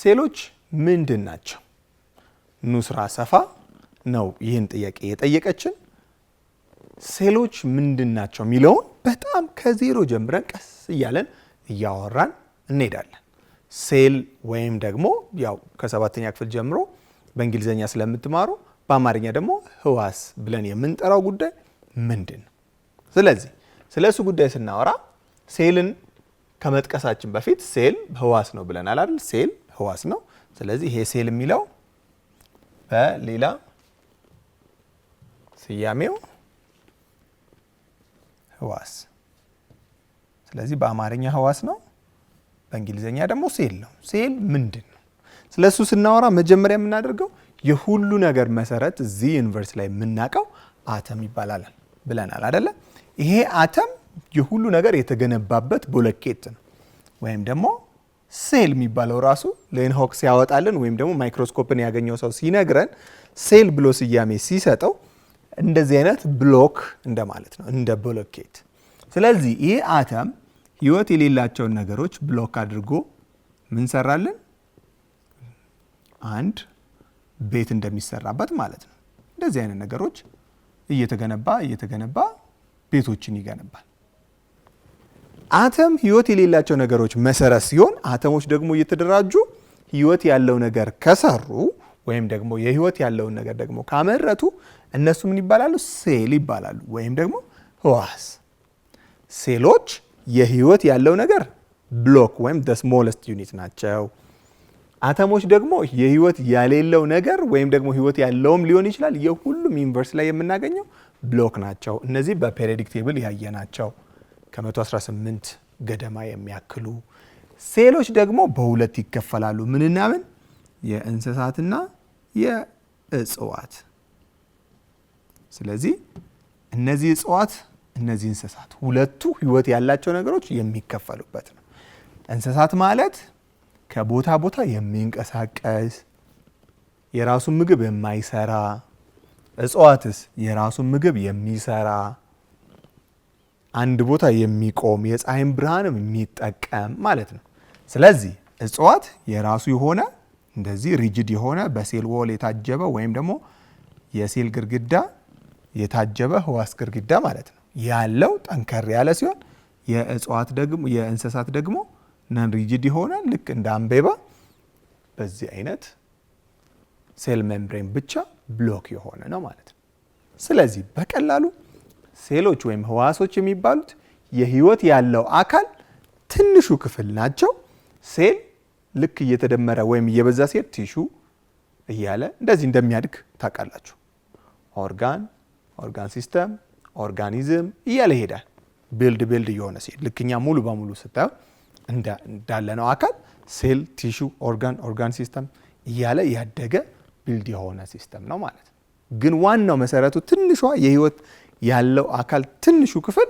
ሴሎች ምንድን ናቸው? ኑስራ ሰፋ ነው ይህን ጥያቄ የጠየቀችን። ሴሎች ምንድን ናቸው የሚለውን በጣም ከዜሮ ጀምረን ቀስ እያለን እያወራን እንሄዳለን። ሴል ወይም ደግሞ ያው ከሰባተኛ ክፍል ጀምሮ በእንግሊዝኛ ስለምትማሩ በአማርኛ ደግሞ ህዋስ ብለን የምንጠራው ጉዳይ ምንድን ነው? ስለዚህ ስለ እሱ ጉዳይ ስናወራ ሴልን ከመጥቀሳችን በፊት ሴል ህዋስ ነው ብለናል አይደል? ሴል ህዋስ ነው። ስለዚህ ይሄ ሴል የሚለው በሌላ ስያሜው ህዋስ፣ ስለዚህ በአማርኛ ህዋስ ነው፣ በእንግሊዝኛ ደግሞ ሴል ነው። ሴል ምንድን ነው? ስለ እሱ ስናወራ መጀመሪያ የምናደርገው የሁሉ ነገር መሰረት እዚህ ዩኒቨርስ ላይ የምናውቀው አተም ይባላል ብለናል አደለ? ይሄ አተም የሁሉ ነገር የተገነባበት ቦለኬት ነው ወይም ደግሞ ሴል የሚባለው ራሱ ሌንሆክ ሲያወጣልን ወይም ደግሞ ማይክሮስኮፕን ያገኘው ሰው ሲነግረን ሴል ብሎ ስያሜ ሲሰጠው እንደዚህ አይነት ብሎክ እንደማለት ነው፣ እንደ ብሎኬት። ስለዚህ ይህ አተም ህይወት የሌላቸውን ነገሮች ብሎክ አድርጎ ምንሰራለን? አንድ ቤት እንደሚሰራበት ማለት ነው። እንደዚህ አይነት ነገሮች እየተገነባ እየተገነባ ቤቶችን ይገነባል። አተም ህይወት የሌላቸው ነገሮች መሰረት ሲሆን አተሞች ደግሞ እየተደራጁ ህይወት ያለው ነገር ከሰሩ ወይም ደግሞ የህይወት ያለውን ነገር ደግሞ ካመረቱ እነሱ ምን ይባላሉ? ሴል ይባላሉ ወይም ደግሞ ህዋስ። ሴሎች የህይወት ያለው ነገር ብሎክ ወይም ደ ስሞለስት ዩኒት ናቸው። አተሞች ደግሞ የህይወት ያሌለው ነገር ወይም ደግሞ ህይወት ያለውም ሊሆን ይችላል። የሁሉም ዩኒቨርስ ላይ የምናገኘው ብሎክ ናቸው። እነዚህ በፔሪዮዲክ ቴብል ናቸው። ከ118 ገደማ የሚያክሉ ሴሎች ደግሞ በሁለት ይከፈላሉ። ምንና ምን? የእንስሳትና የእጽዋት። ስለዚህ እነዚህ እጽዋት፣ እነዚህ እንስሳት ሁለቱ ህይወት ያላቸው ነገሮች የሚከፈሉበት ነው። እንስሳት ማለት ከቦታ ቦታ የሚንቀሳቀስ የራሱን ምግብ የማይሰራ እጽዋትስ የራሱን ምግብ የሚሰራ አንድ ቦታ የሚቆም የፀሐይን ብርሃንም የሚጠቀም ማለት ነው። ስለዚህ እጽዋት የራሱ የሆነ እንደዚህ ሪጅድ የሆነ በሴል ወል የታጀበ ወይም ደግሞ የሴል ግድግዳ የታጀበ ህዋስ ግድግዳ ማለት ነው ያለው ጠንከር ያለ ሲሆን የእጽዋት ደግሞ የእንስሳት ደግሞ ነን ሪጅድ የሆነ ልክ እንደ አምቤባ በዚህ አይነት ሴል ሜምብሬን ብቻ ብሎክ የሆነ ነው ማለት ነው። ስለዚህ በቀላሉ ሴሎች ወይም ህዋሶች የሚባሉት የህይወት ያለው አካል ትንሹ ክፍል ናቸው። ሴል ልክ እየተደመረ ወይም እየበዛ ሴል ቲሹ እያለ እንደዚህ እንደሚያድግ ታውቃላችሁ። ኦርጋን፣ ኦርጋን ሲስተም፣ ኦርጋኒዝም እያለ ይሄዳል። ቢልድ ቢልድ እየሆነ ሲሄድ ልክኛ ሙሉ በሙሉ ስታየው እንዳለ ነው አካል ሴል፣ ቲሹ፣ ኦርጋን፣ ኦርጋን ሲስተም እያለ ያደገ ቢልድ የሆነ ሲስተም ነው ማለት ነው። ግን ዋናው መሰረቱ ትንሿ የህይወት ያለው አካል ትንሹ ክፍል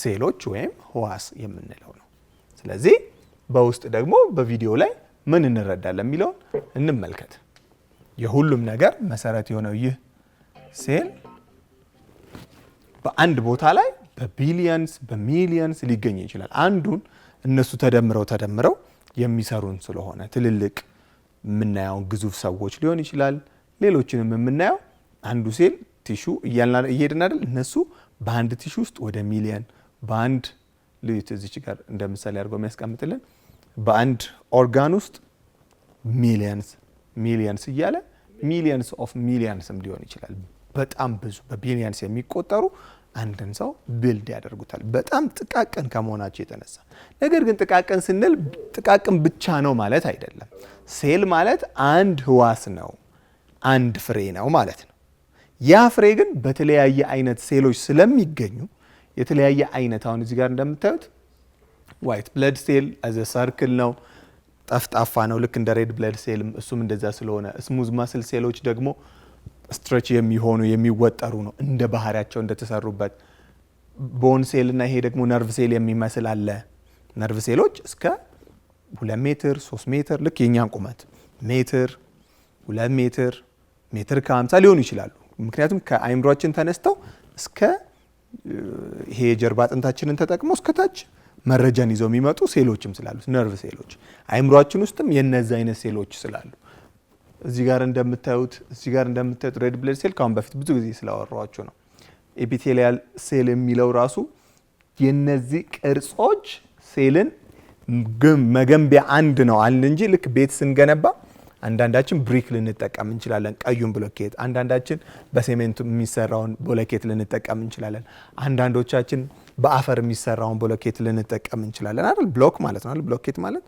ሴሎች ወይም ህዋስ የምንለው ነው። ስለዚህ በውስጥ ደግሞ በቪዲዮ ላይ ምን እንረዳለን የሚለውን እንመልከት። የሁሉም ነገር መሰረት የሆነው ይህ ሴል በአንድ ቦታ ላይ በቢሊየንስ በሚሊየንስ ሊገኝ ይችላል። አንዱን እነሱ ተደምረው ተደምረው የሚሰሩን ስለሆነ ትልልቅ የምናየውን ግዙፍ ሰዎች ሊሆን ይችላል። ሌሎችንም የምናየው አንዱ ሴል ቲሹ እየሄድን አይደል? እነሱ በአንድ ቲሹ ውስጥ ወደ ሚሊየን በአንድ ልዩት እዚች ጋር እንደ ምሳሌ አድርገው የሚያስቀምጥልን በአንድ ኦርጋን ውስጥ ሚሊየንስ ሚሊየንስ እያለ ሚሊየንስ ኦፍ ሚሊየንስም ሊሆን ይችላል። በጣም ብዙ በቢሊየንስ የሚቆጠሩ አንድን ሰው ብልድ ያደርጉታል። በጣም ጥቃቅን ከመሆናቸው የተነሳ ነገር ግን ጥቃቅን ስንል ጥቃቅን ብቻ ነው ማለት አይደለም። ሴል ማለት አንድ ህዋስ ነው፣ አንድ ፍሬ ነው ማለት ነው። ያ ፍሬ ግን በተለያየ አይነት ሴሎች ስለሚገኙ የተለያየ አይነት አሁን እዚህ ጋር እንደምታዩት ዋይት ብለድ ሴል አዘ ሰርክል ነው፣ ጠፍጣፋ ነው ልክ እንደ ሬድ ብለድ ሴልም እሱም እንደዛ ስለሆነ፣ ስሙዝ ማስል ሴሎች ደግሞ ስትረች የሚሆኑ የሚወጠሩ ነው እንደ ባህሪያቸው እንደተሰሩበት። ቦን ሴል እና ይሄ ደግሞ ነርቭ ሴል የሚመስል አለ። ነርቭ ሴሎች እስከ ሁለት ሜትር ሶስት ሜትር ልክ የኛን ቁመት ሜትር ሁለት ሜትር ሜትር ከሀምሳ ሊሆኑ ይችላሉ። ምክንያቱም ከአይምሯችን ተነስተው እስከ ይሄ የጀርባ አጥንታችንን ተጠቅመው እስከታች መረጃን ይዘው የሚመጡ ሴሎችም ስላሉ ነርቭ ሴሎች አይምሯችን ውስጥም የነዚህ አይነት ሴሎች ስላሉ እዚህ ጋር እንደምታዩት እዚህ ጋር እንደምታዩት ሬድ ብለድ ሴል ከአሁን በፊት ብዙ ጊዜ ስላወራኋችሁ ነው። ኤፒቴሊያል ሴል የሚለው ራሱ የነዚህ ቅርጾች ሴልን መገንቢያ አንድ ነው አል እንጂ ልክ ቤት ስንገነባ አንዳንዳችን ብሪክ ልንጠቀም እንችላለን፣ ቀዩን ብሎኬት። አንዳንዳችን በሴሜንቱ የሚሰራውን ብሎኬት ልንጠቀም እንችላለን። አንዳንዶቻችን በአፈር የሚሰራውን ብሎኬት ልንጠቀም እንችላለን። አይደል? ብሎክ ማለት ነው። ብሎኬት ማለት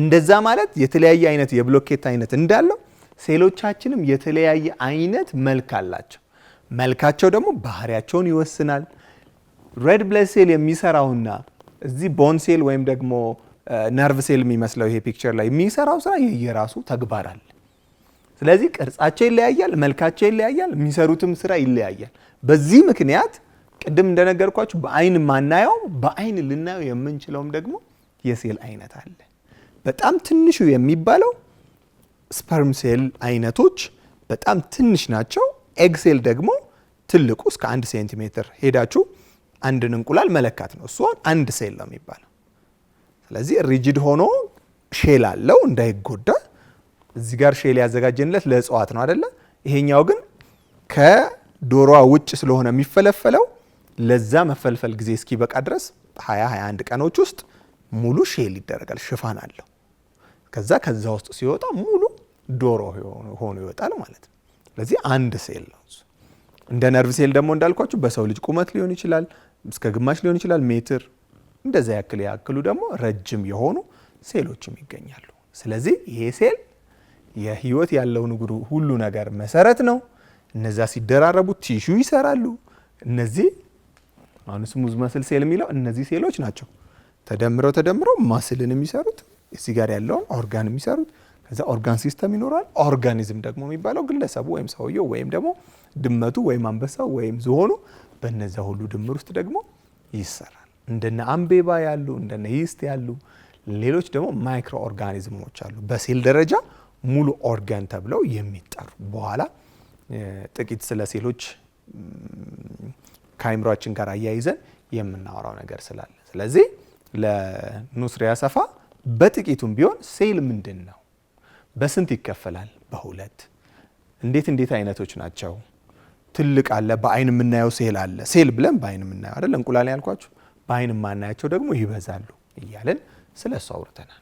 እንደዛ ማለት የተለያየ አይነት የብሎኬት አይነት እንዳለው ሴሎቻችንም የተለያየ አይነት መልክ አላቸው። መልካቸው ደግሞ ባህሪያቸውን ይወስናል። ሬድ ብለድ ሴል የሚሰራውና እዚህ ቦን ሴል ወይም ደግሞ ነርቭ ሴል የሚመስለው ይሄ ፒክቸር ላይ የሚሰራው ስራ የየራሱ ተግባር አለ። ስለዚህ ቅርጻቸው ይለያያል፣ መልካቸው ይለያያል፣ የሚሰሩትም ስራ ይለያያል። በዚህ ምክንያት ቅድም እንደነገርኳችሁ በአይን ማናየው በአይን ልናየው የምንችለውም ደግሞ የሴል አይነት አለ። በጣም ትንሹ የሚባለው ስፐርም ሴል አይነቶች በጣም ትንሽ ናቸው። ኤግ ሴል ደግሞ ትልቁ እስከ አንድ ሴንቲሜትር ሄዳችሁ አንድን እንቁላል መለካት ነው። እሱ አንድ ሴል ነው የሚባለው። ስለዚህ ሪጅድ ሆኖ ሼል አለው እንዳይጎዳ። እዚህ ጋር ሼል ያዘጋጀንለት ለእጽዋት ነው አደለ? ይሄኛው ግን ከዶሮዋ ውጭ ስለሆነ የሚፈለፈለው ለዛ መፈልፈል ጊዜ እስኪበቃ ድረስ 2021 21 ቀኖች ውስጥ ሙሉ ሼል ይደረጋል። ሽፋን አለው። ከዛ ከዛ ውስጥ ሲወጣ ሙሉ ዶሮ ሆኖ ይወጣል ማለት ነው። ስለዚህ አንድ ሴል ነው። እንደ ነርቭ ሴል ደግሞ እንዳልኳችሁ በሰው ልጅ ቁመት ሊሆን ይችላል፣ እስከ ግማሽ ሊሆን ይችላል ሜትር እንደዛ ያክል ያክሉ ደግሞ ረጅም የሆኑ ሴሎችም ይገኛሉ። ስለዚህ ይሄ ሴል የህይወት ያለው ንግዱ ሁሉ ነገር መሰረት ነው። እነዛ ሲደራረቡ ቲሹ ይሰራሉ። እነዚህ አሁን ስሙዝ መስል ሴል የሚለው እነዚህ ሴሎች ናቸው። ተደምረው ተደምረው ማስልን የሚሰሩት እዚህ ጋር ያለውን ኦርጋን የሚሰሩት ከዛ ኦርጋን ሲስተም ይኖራል። ኦርጋኒዝም ደግሞ የሚባለው ግለሰቡ ወይም ሰውየው ወይም ደግሞ ድመቱ ወይም አንበሳው ወይም ዝሆኑ በነዚ ሁሉ ድምር ውስጥ ደግሞ ይሰራል። እንደነ አምቤባ ያሉ እንደነ ይስት ያሉ ሌሎች ደግሞ ማይክሮ ኦርጋኒዝሞች አሉ። በሴል ደረጃ ሙሉ ኦርጋን ተብለው የሚጠሩ በኋላ ጥቂት ስለ ሴሎች ከአይምሯችን ጋር አያይዘን የምናወራው ነገር ስላለ ስለዚህ ለኑስሪያ ሰፋ በጥቂቱም ቢሆን ሴል ምንድን ነው? በስንት ይከፈላል? በሁለት እንዴት እንዴት አይነቶች ናቸው? ትልቅ አለ፣ በአይን የምናየው ሴል አለ። ሴል ብለን በአይን የምናየው አይደል? እንቁላል ያልኳችሁ በአይን ማናያቸው ደግሞ ይበዛሉ እያለን ስለ እሱ አውርተናል።